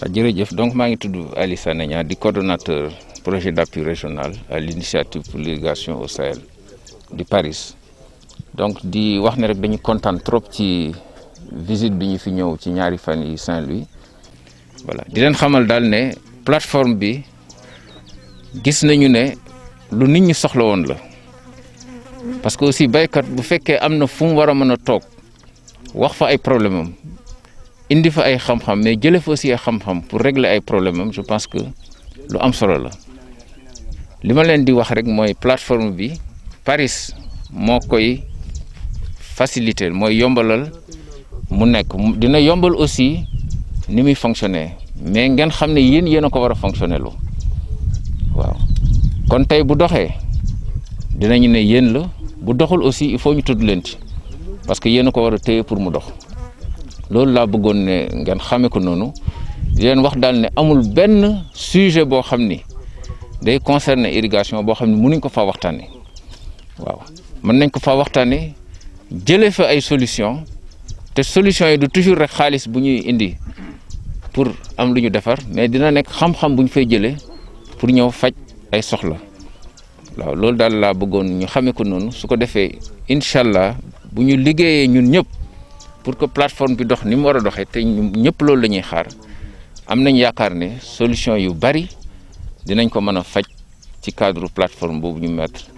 waaw jërëjëf donc maa ngi tudd Ali Sané di coordonnateur projet d'appui régional à l'initiative pour l'irrigation au Sahel du Paris donc di wax ne rek dañu kontaan trop ci visite bi ñu fi ñëw ci ñaari fan yi Saint-Louis voilà di leen xamal daal ne plateforme bi gis nañu ne lu nit ñi soxla woon la parce que aussi baykat bu fekkee am na fu mu war a mën a toog wax fa ay problème am indi fa ay xam-xam mais jëlee fa aussi ay xam-xam pour régler ay problème am je pense que lu am solo la li ma leen di wax rek mooy plateforme bi Paris moo koy faciliter mooy yombalal mu nekk dina yombal aussi ni muy fonctionner mais ngeen xam ne yéen yéen a ko war a fonctionner lu waaw kon tey bu doxee dinañu ne yéen la bu doxul aussi il faut ñu tudd leen ci parce que yéen ko war a téye pour mu dox. loolu la bëggone ne ngeen xamé ko nonu di leen wax dal ne amul benn sujet bo xamni day concerner irrigation bo xamni mënuñ ko fa waxtaanee waaw mën nañ ko fa waxtaanee jëlé fa ay solution té solution yi du toujours rek xaaliss bu ñuy indi pour am luñu défar mais dina nek xam-xam buñ fay jëlé pour ñëw fajj ay soxla waaw loolu dal la bëggone ñu xamé ko nonu su ko defee incha bu ñu liggéeyee ñun ñëpp. pour que plateforme bi dox ni mu war a doxee te ñëpp loolu la xaar am nañ yaakaar ne solution yu bari dinañ ko mën a faj ci cadre plateforme boobu ñu mettre